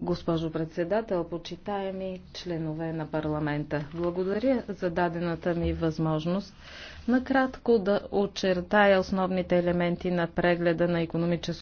Госпожо председател, почитаеми членове на парламента, благодаря за дадената ми възможност накратко да очертая основните елементи на прегледа на економическото